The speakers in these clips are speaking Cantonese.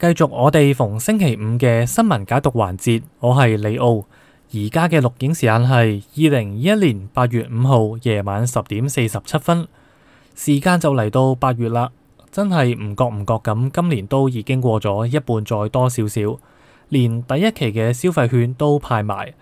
繼續我哋逢星期五嘅新聞解讀環節，我係李奧。而家嘅錄影時間係二零二一年八月五號夜晚十點四十七分。時間就嚟到八月啦，真係唔覺唔覺咁，今年都已經過咗一半再多少少，連第一期嘅消費券都派埋。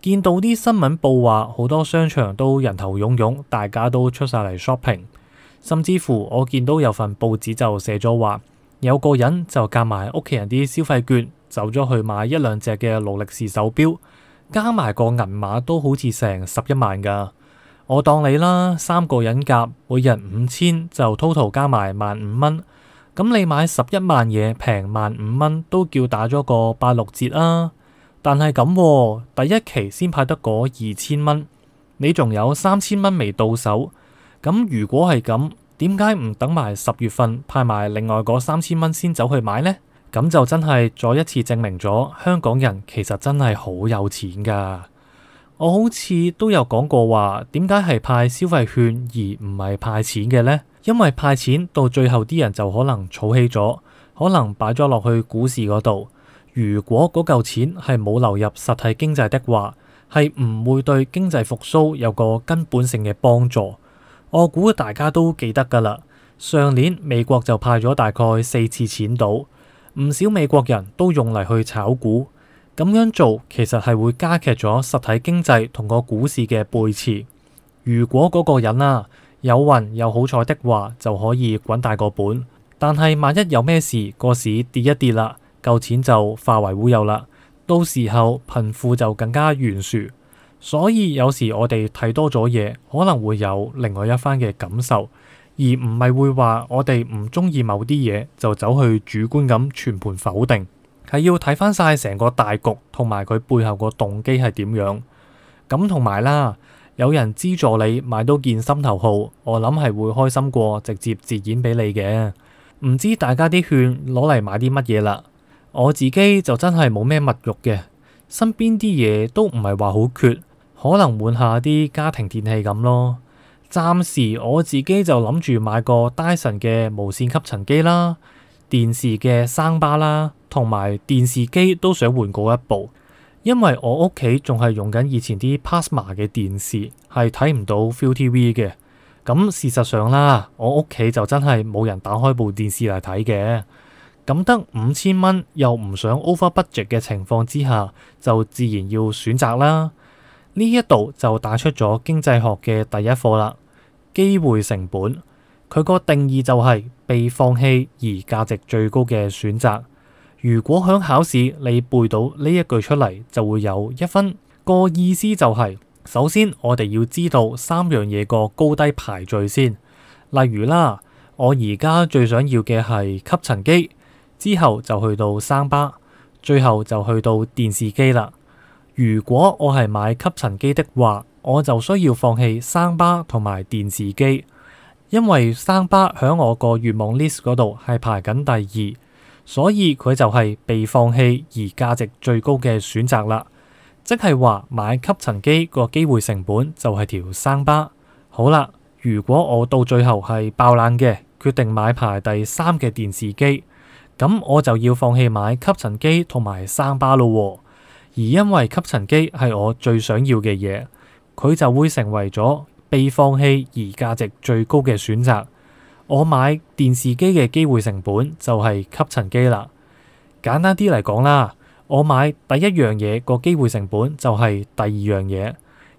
見到啲新聞報話，好多商場都人頭涌涌，大家都出晒嚟 shopping。甚至乎，我見到有份報紙就寫咗話。有個人就夾埋屋企人啲消費券，走咗去買一兩隻嘅勞力士手表，加埋個銀碼都好似成十一萬噶。我當你啦，三個人夾，每人五千，就 total 加埋萬五蚊。咁你買十一萬嘢，平萬五蚊都叫打咗個八六折啊。但係咁喎，第一期先派得個二千蚊，你仲有三千蚊未到手。咁如果係咁？點解唔等埋十月份派埋另外嗰三千蚊先走去買呢？咁就真係再一次證明咗香港人其實真係好有錢㗎。我好似都有講過話，點解係派消費券而唔係派錢嘅呢？因為派錢到最後啲人就可能儲起咗，可能擺咗落去股市嗰度。如果嗰嚿錢係冇流入實體經濟的話，係唔會對經濟復蘇有個根本性嘅幫助。我估大家都記得噶啦，上年美國就派咗大概四次錢到，唔少美國人都用嚟去炒股，咁樣做其實係會加劇咗實體經濟同個股市嘅背馳。如果嗰個人啊有運有好彩的話，就可以滾大個本，但係萬一有咩事，個市跌一跌啦，嚿錢就化為烏有啦，到時候貧富就更加懸殊。所以有時我哋睇多咗嘢，可能會有另外一番嘅感受，而唔係會話我哋唔中意某啲嘢就走去主觀咁全盤否定，係要睇翻晒成個大局同埋佢背後個動機係點樣。咁同埋啦，有人資助你買多件心頭好，我諗係會開心過直接自演俾你嘅。唔知大家啲券攞嚟買啲乜嘢啦？我自己就真係冇咩物欲嘅，身邊啲嘢都唔係話好缺。可能換下啲家庭電器咁咯。暫時我自己就諗住買個 Dyson 嘅無線吸塵機啦，電視嘅 soundbar 啦，同埋電視機都想換過一部，因為我屋企仲係用緊以前啲 Pasma 嘅電視，係睇唔到 ViuTV 嘅。咁事實上啦，我屋企就真係冇人打開部電視嚟睇嘅。咁得五千蚊又唔想 over budget 嘅情況之下，就自然要選擇啦。呢一度就打出咗經濟學嘅第一課啦，機會成本。佢個定義就係被放棄而價值最高嘅選擇。如果響考試，你背到呢一句出嚟就會有一分。個意思就係、是，首先我哋要知道三樣嘢個高低排序先。例如啦，我而家最想要嘅係吸塵機，之後就去到生巴，最後就去到電視機啦。如果我係買吸塵機的話，我就需要放棄生巴同埋電視機，因為生巴響我個願望 list 嗰度係排緊第二，所以佢就係被放棄而價值最高嘅選擇啦。即係話買吸塵機個機會成本就係條生巴。好啦，如果我到最後係爆冷嘅，決定買排第三嘅電視機，咁我就要放棄買吸塵機同埋生巴咯。而因為吸塵機係我最想要嘅嘢，佢就會成為咗被放棄而價值最高嘅選擇。我買電視機嘅機會成本就係吸塵機啦。簡單啲嚟講啦，我買第一樣嘢個機會成本就係第二樣嘢。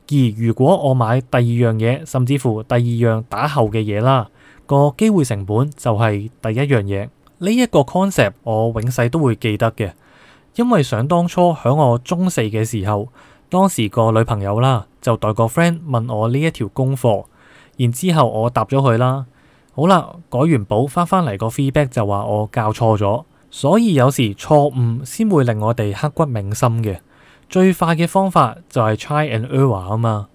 而如果我買第二樣嘢，甚至乎第二樣打後嘅嘢啦，個機會成本就係第一樣嘢。呢一個 concept 我永世都會記得嘅。因為想當初響我中四嘅時候，當時個女朋友啦就代個 friend 問我呢一條功課，然之後我答咗佢啦。好啦，改完簿發返嚟個 feedback 就話我教錯咗，所以有時錯誤先會令我哋刻骨銘心嘅。最快嘅方法就係 try and error 啊嘛。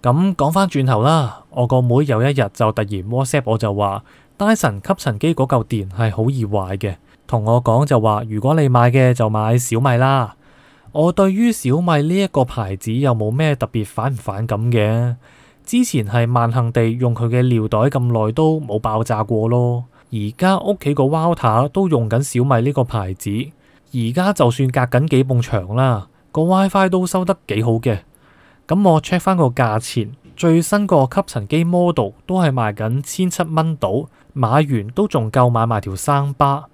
咁、嗯、講翻轉頭啦，我個妹有一日就突然 WhatsApp 我就話，Dyson 吸塵機嗰嚿電係好易壞嘅。同我講就話，如果你買嘅就買小米啦。我對於小米呢一個牌子又冇咩特別反唔反感嘅。之前係萬幸地用佢嘅尿袋咁耐都冇爆炸過咯。而家屋企個 router 都用緊小米呢個牌子，而家就算隔緊幾埲牆啦，個 wifi 都收得幾好嘅。咁我 check 翻個價錢，最新個吸塵機 model 都係賣緊千七蚊到，買完都仲夠買埋條生巴。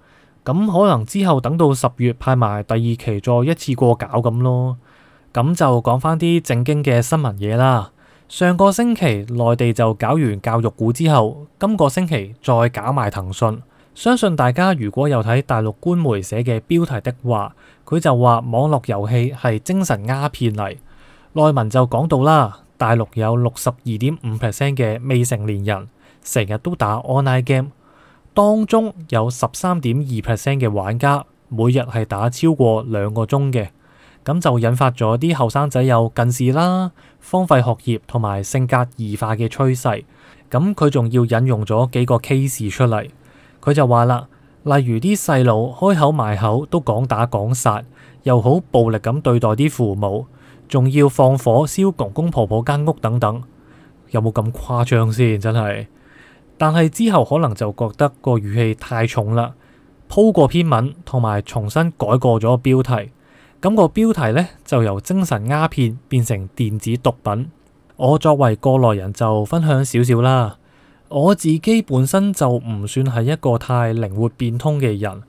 咁可能之後等到十月派埋第二期再一次過搞咁咯，咁就講返啲正經嘅新聞嘢啦。上個星期內地就搞完教育股之後，今個星期再搞埋騰訊。相信大家如果有睇大陸官媒寫嘅標題的話，佢就話網絡遊戲係精神鴉片嚟。內文就講到啦，大陸有六十二點五 percent 嘅未成年人成日都打 online game。當中有十三點二 percent 嘅玩家每日係打超過兩個鐘嘅，咁就引發咗啲後生仔有近視啦、荒廢學業同埋性格異化嘅趨勢。咁佢仲要引用咗幾個 case 出嚟，佢就話啦，例如啲細路開口埋口都講打講殺，又好暴力咁對待啲父母，仲要放火燒公公婆婆間屋等等，有冇咁誇張先？真係。但係之後可能就覺得個語氣太重啦，鋪過篇文同埋重新改過咗標題，咁個標題呢就由精神鴉片變成電子毒品。我作為過來人就分享少少啦。我自己本身就唔算係一個太靈活變通嘅人，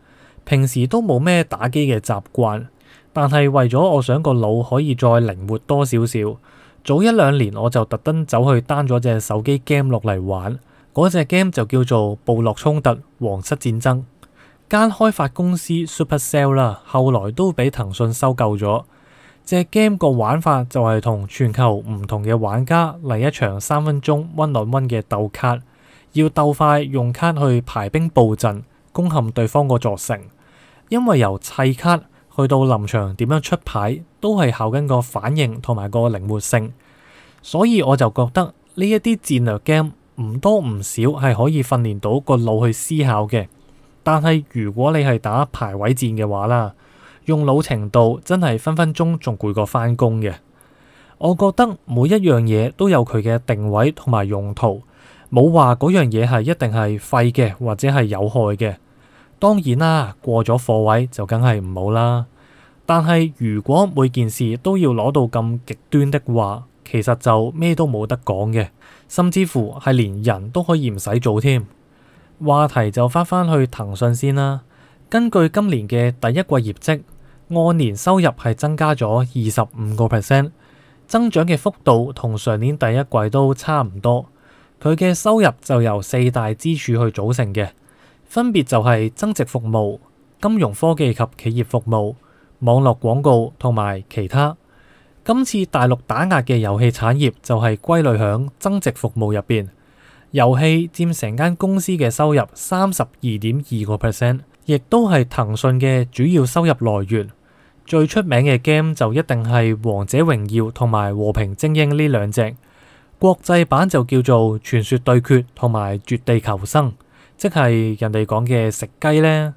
平時都冇咩打機嘅習慣。但係為咗我想個腦可以再靈活多少少，早一兩年我就特登走去 down 咗隻手機 game 落嚟玩。嗰隻 game 就叫做《部落衝突：皇室戰爭》，間開發公司 SuperCell 啦，後來都俾騰訊收購咗。隻、這個、game 個玩法就係同全球唔同嘅玩家嚟一場三分鐘 one 嘅 on 鬥卡，要鬥快用卡去排兵布陣攻陷對方個座城。因為由砌卡去到臨場點樣出牌都係考緊個反應同埋個靈活性，所以我就覺得呢一啲戰略 game。唔多唔少係可以訓練到個腦去思考嘅，但係如果你係打排位戰嘅話啦，用腦程度真係分分鐘仲攰過翻工嘅。我覺得每一樣嘢都有佢嘅定位同埋用途，冇話嗰樣嘢係一定係廢嘅或者係有害嘅。當然啦，過咗貨位就梗係唔好啦。但係如果每件事都要攞到咁極端的話，其實就咩都冇得講嘅，甚至乎係連人都可以唔使做添。話題就翻翻去騰訊先啦。根據今年嘅第一季業績，按年收入係增加咗二十五個 percent，增長嘅幅度同上年第一季都差唔多。佢嘅收入就由四大支柱去組成嘅，分別就係增值服務、金融科技及企業服務、網絡廣告同埋其他。今次大陸打壓嘅遊戲產業就係歸類喺增值服務入邊，遊戲佔成間公司嘅收入三十二點二個 percent，亦都係騰訊嘅主要收入來源。最出名嘅 game 就一定係《王者榮耀》同埋《和平精英》呢兩隻，國際版就叫做《傳說對決》同埋《絕地求生》，即係人哋講嘅食雞呢。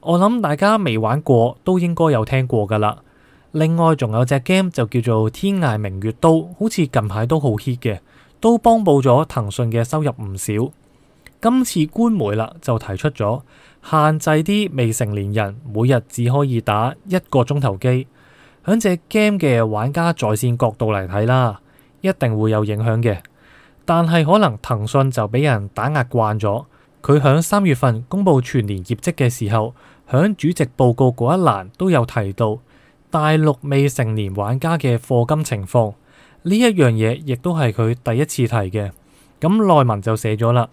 我諗大家未玩過都應該有聽過㗎啦。另外，仲有隻 game 就叫做《天涯明月刀》，好似近排都好 hit 嘅，都幫補咗騰訊嘅收入唔少。今次官媒啦就提出咗限制啲未成年人每日只可以打一個鐘頭機，響隻 game 嘅玩家在線角度嚟睇啦，一定會有影響嘅。但係可能騰訊就俾人打壓慣咗，佢響三月份公布全年業績嘅時候，響主席報告嗰一欄都有提到。大陸未成年玩家嘅課金情況呢一樣嘢，亦都係佢第一次提嘅。咁內文就寫咗啦，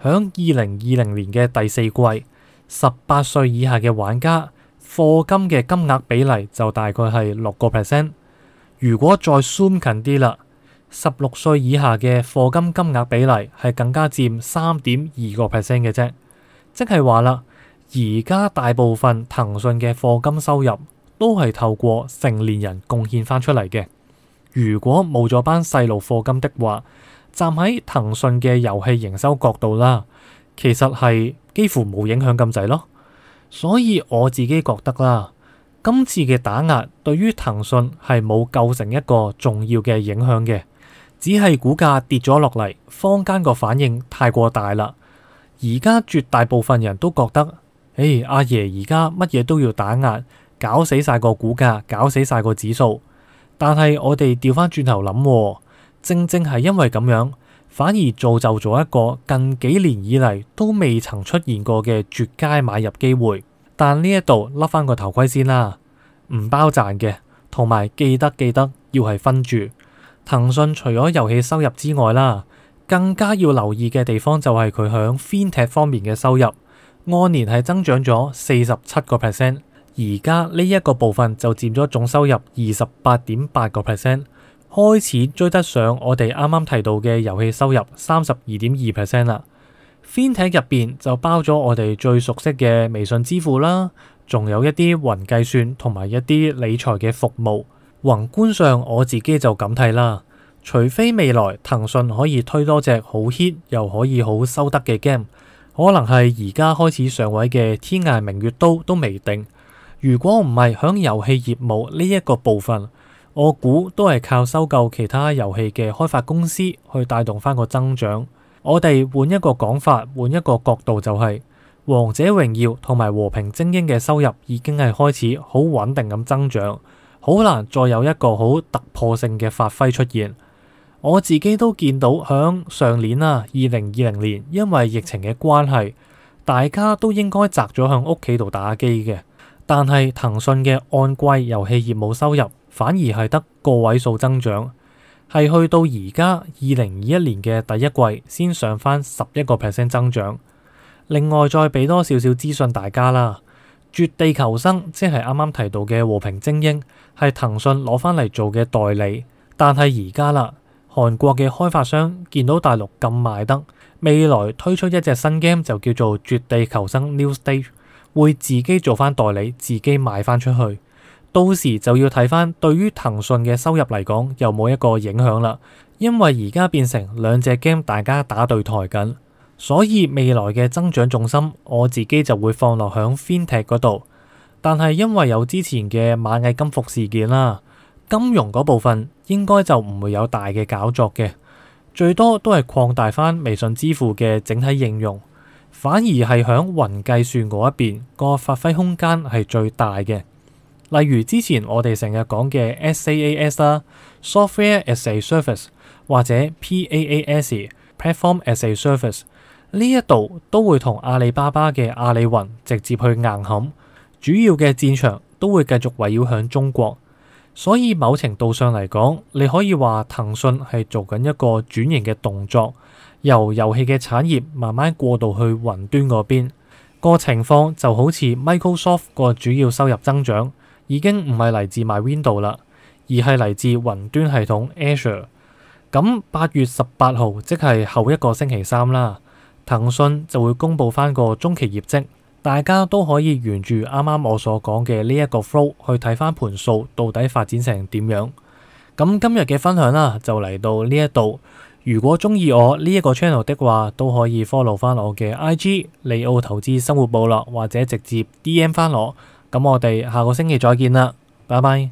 響二零二零年嘅第四季，十八歲以下嘅玩家課金嘅金額比例就大概係六個 percent。如果再 zoom 近啲啦，十六歲以下嘅課金金額比例係更加佔三點二個 percent 嘅啫，即係話啦，而家大部分騰訊嘅課金收入，都係透過成年人貢獻翻出嚟嘅。如果冇咗班細路課金的話，站喺騰訊嘅遊戲營收角度啦，其實係幾乎冇影響咁滯咯。所以我自己覺得啦，今次嘅打壓對於騰訊係冇構成一個重要嘅影響嘅，只係股價跌咗落嚟，坊間個反應太過大啦。而家絕大部分人都覺得，誒，阿爺而家乜嘢都要打壓。搞死晒個股價，搞死晒個指數。但係我哋調翻轉頭諗喎，正正係因為咁樣，反而造就咗一個近幾年以嚟都未曾出現過嘅絕佳買入機會。但呢一度甩翻個頭盔先啦，唔包賺嘅，同埋記得記得要係分住騰訊除咗遊戲收入之外啦，更加要留意嘅地方就係佢響 Fintech 方面嘅收入，按年係增長咗四十七個 percent。而家呢一個部分就佔咗總收入二十八點八個 percent，開始追得上我哋啱啱提到嘅遊戲收入三十二點二 percent 啦。Fintech 入邊就包咗我哋最熟悉嘅微信支付啦，仲有一啲雲計算同埋一啲理財嘅服務。宏觀上我自己就咁睇啦，除非未來騰訊可以推多隻好 hit 又可以好收得嘅 game，可能係而家開始上位嘅《天涯明月刀》都未定。如果唔係響遊戲業務呢一個部分，我估都係靠收購其他遊戲嘅開發公司去帶動翻個增長。我哋換一個講法，換一個角度，就係、是《王者榮耀》同埋《和平精英》嘅收入已經係開始好穩定咁增長，好難再有一個好突破性嘅發揮出現。我自己都見到響上年啦，啊，二零二零年因為疫情嘅關係，大家都應該宅咗響屋企度打機嘅。但係騰訊嘅按季遊戲業務收入反而係得個位數增長，係去到而家二零二一年嘅第一季先上翻十一個 percent 增長。另外再俾多少少資訊大家啦，《絕地求生》即係啱啱提到嘅《和平精英》，係騰訊攞翻嚟做嘅代理，但係而家啦，韓國嘅開發商見到大陸咁賣得，未來推出一隻新 game 就叫做《絕地求生 New Stage》。會自己做翻代理，自己賣翻出去，到時就要睇翻對於騰訊嘅收入嚟講，又有冇一個影響啦。因為而家變成兩隻 game 大家打對台緊，所以未來嘅增長重心，我自己就會放落響 Fintech 嗰度。但係因為有之前嘅螞蟻金服事件啦，金融嗰部分應該就唔會有大嘅搞作嘅，最多都係擴大翻微信支付嘅整體應用。反而係喺雲計算嗰一邊個發揮空間係最大嘅，例如之前我哋成日講嘅 SaaS 啦、Software as a Service 或者 PaaS、Platform as a Service，呢一度都會同阿里巴巴嘅阿里雲直接去硬撼，主要嘅戰場都會繼續圍繞喺中國。所以某程度上嚟講，你可以話騰訊係做緊一個轉型嘅動作，由遊戲嘅產業慢慢過渡去雲端嗰邊。個情況就好似 Microsoft 個主要收入增長已經唔係嚟自 My Windows 啦，而係嚟自雲端系統 Azure。咁八月十八號，即係後一個星期三啦，騰訊就會公佈翻個中期業績。大家都可以沿住啱啱我所講嘅呢一個 flow 去睇翻盤數到底發展成點樣。咁今日嘅分享啦，就嚟到呢一度。如果中意我呢一個 channel 的話，都可以 follow 翻我嘅 IG 利奧投資生活部落，或者直接 DM 翻我。咁我哋下個星期再見啦，拜拜。